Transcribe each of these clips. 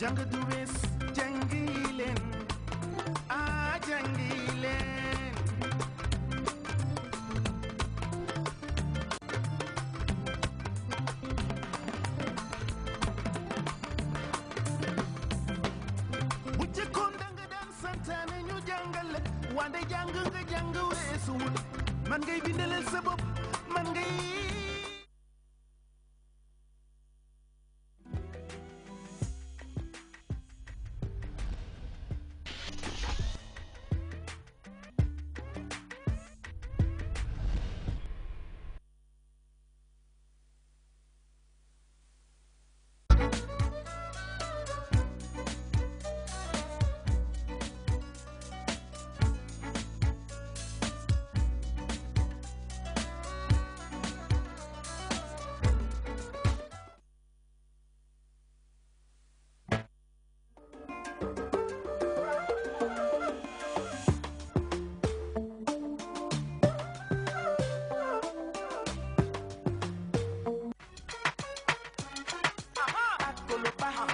jàng du wees jàngi ah jàngi leen bu danga ñu jàngal la jàng nga jàng man ngay bindaleel sa bopp man ngay lo baja.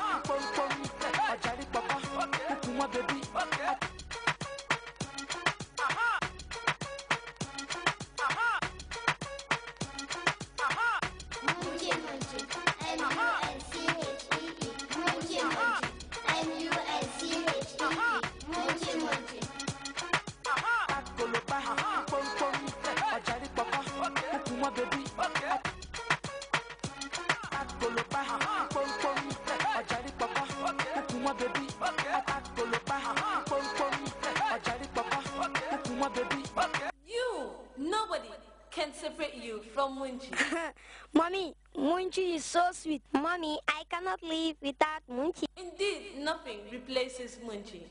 love Munchie. Mommy, Munchie is so sweet. Mommy, I cannot live without Munchie. Indeed, nothing replaces Munchie.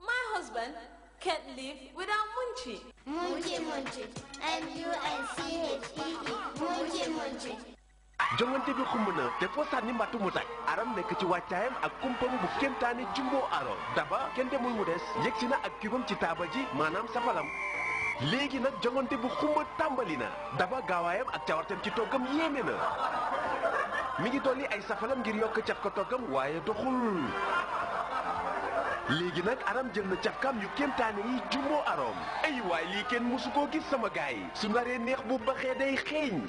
My husband can't live without Munchie. Munchie, Munchie. M-U-N-C-H-E-E. -E. Munchie, Munchie. jongante bi xumb na te foo sànni mbàttu mu taj aram nekk ci wàccaayam ak kumpam bu kéemtaane jumbo aron daba kenn demul mu des yegsi na ak cubam ci taabal ji maanaam safalam léegi nag jongante bu xumba tàmbali na daba gaawaayam ak cawartem ci toggam yéeme na mu ngi dolli ay safalam ngir yokk caf ko toggam waaye doxul léegi nag aram jël na cafkaam yu kéemtaane yi jumbo arom ay waay lii kenn mësu koo gis sama gaay su naree neex bu baxee day xeeñ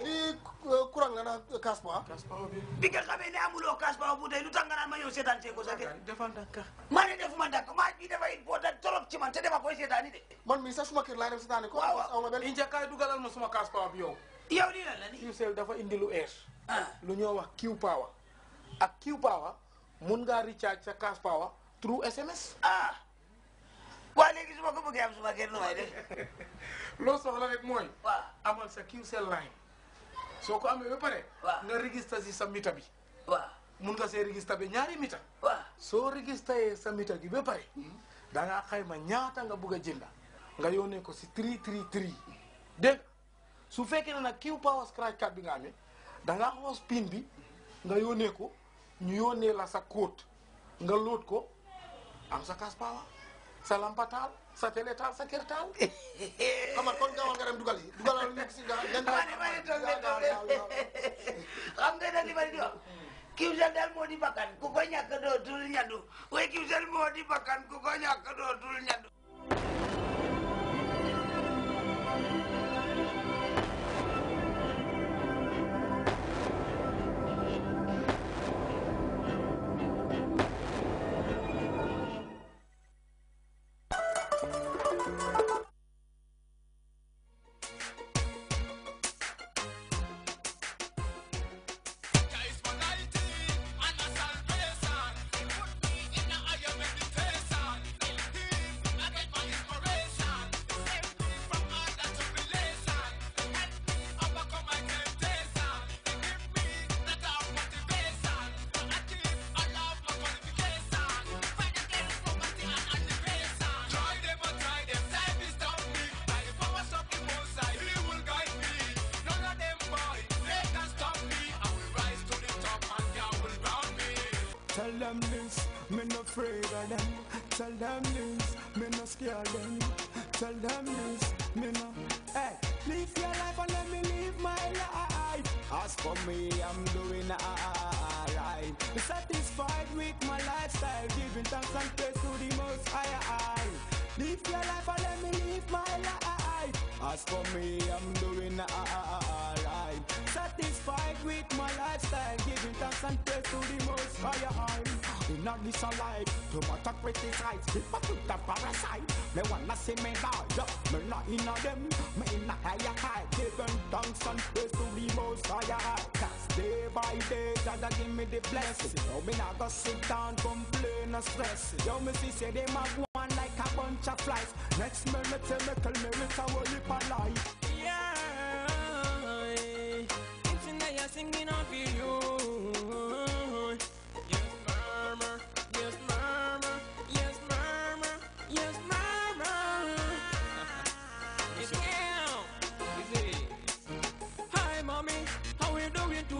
li courant nga naan Kaspa. Kaspa bi bi nga xamee ne amuloo Kaspa bu tey lu tax nga naan ma yow seetaan see ko sa de. defal ndànk ma ne defuma ndànk maa bi dafa important trop ci man te dama koy seetaani de. man mii sax suma dafa Q power. ak Q power mun recharge through SMS. ah waa léegi su ma ko bëggee am suma kër lu may soxla rek amal sa Qcell line. soo ko amee ba pare. waaw nga registré si sa mita bi. waaw mun nga see registré bi ñaari mita. waaw soo registré sa mita gi ba pare. da ngaa xayma ñaata nga bugg a jënda nga yónnee ko si tri tri tri dégg su fekkee ne nag kiw power scratch card bi nga amee da ngaa xoos pin bi nga yónnee ko ñu yónnee la sa code nga loot ko am sa cash power. sa lampa taal sa télé taal sa kër taal xam nga kon gaawal nga dem dugal yi dugalal a si gaawal yan gaawal xam nga nag li ma di wax kiwsel daal moo di bakkan ku ko ñàkk dootul ñaddu waaye kiwsel moo di bakkan ku ko ñàkk dootul ñaddu afraid of them. Tell them this, me no scare them. Tell them this, me no. Hey, live your life and let me live my life. As for me, I'm doing alright. Satisfied with my lifestyle, giving thanks and praise to the Most High. Live your life and let me live my life. As for me, I'm doing alright. Satisfied with my lifestyle, giving thanks and praise to the Most High. In a this like to my talk criticize, people to the parasite. They wanna see me die, yeah. Me not in a them, me in a higher high. Giving thanks and praise to the most higher Cause day by day, Jaja give me the blessing. Yo, me not go sit down, complain or stress. Yo, me see say they mag one like a bunch of flies. Next minute, me tell me, tell me, it's a whole heap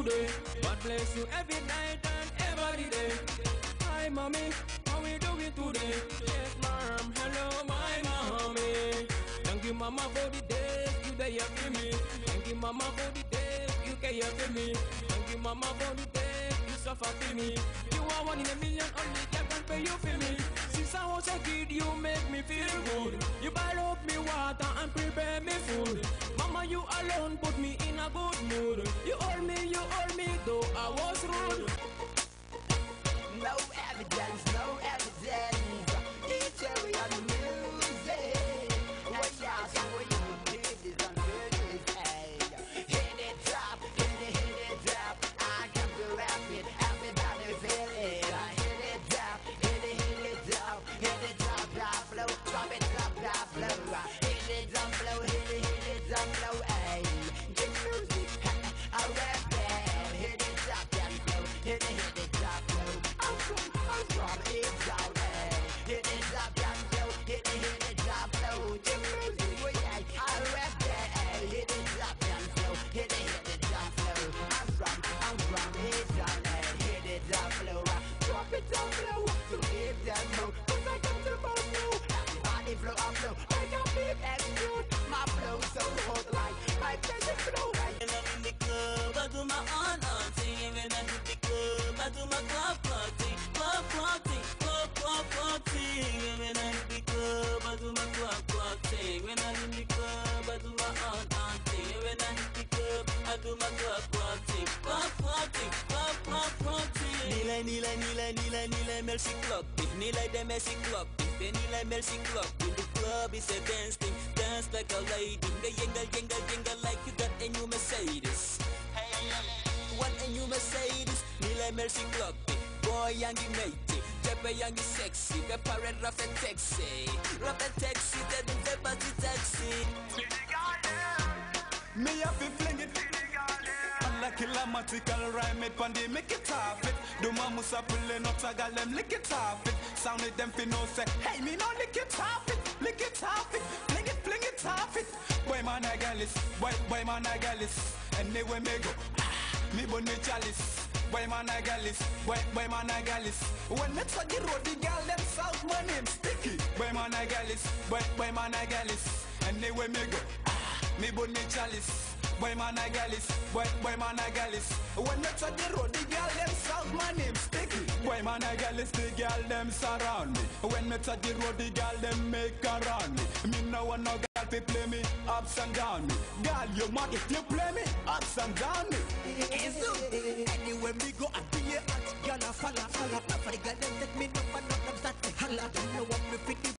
today. God bless you every night and every day. Hi, mommy, how we doing today? Yes, mom, hello, my mommy. Thank you, mama, for the days you day for me. Thank you, mama, for the days you care for me. Thank you, mama, for the days you suffer for me. You are one in a million, only God can pay you for me. I was a kid, you make me feel good. You boil up me water and prepare me food. Mama, you alone put me in a good mood. You hold me, you hold me, though I was rude. No evidence, no evidence. Each area down below To keep them Cause I got to the bottom My flow so hot nilay nilay nilay nilay mel si clock with nilay dem mel si clock with nilay mel si the club is a dance thing dance like a lady they jingle jingle jingle like you got a new Mercedes hey what a new Mercedes nilay mel si clock eh. boy yangi matey Jeppe yangi sexy the parade rap a taxi rap a taxi the the party taxi me a fi kilometrical rhyme it pon they make it off it. Do my musa pullin' up, I got them lick it off it. Sound it them fi know say, hey me no lick it off it, lick it off it, fling it, fling it off it. Boy man I got boy boy man I got this. Anyway me go, ah, me bun me chalice. Boy man I got boy boy man I got When me touch the road, the girl them south my name sticky. Boy man I got boy boy man I got this. Anyway me go, ah, me bun me chalice boy man a gallis, boy boy man a gallis. When me touch the road, the girl them shout my name sticky. Boy man a gallis, the girl them surround me. When me touch the road, the girl them make around me. Me no want no girl to play me ups and down me. Girl you mad if you play me ups and down me. It's so anywhere me go I be a hot girl a falla falla. Not for the girl them take me number, not them start to holla. Don't know what me fit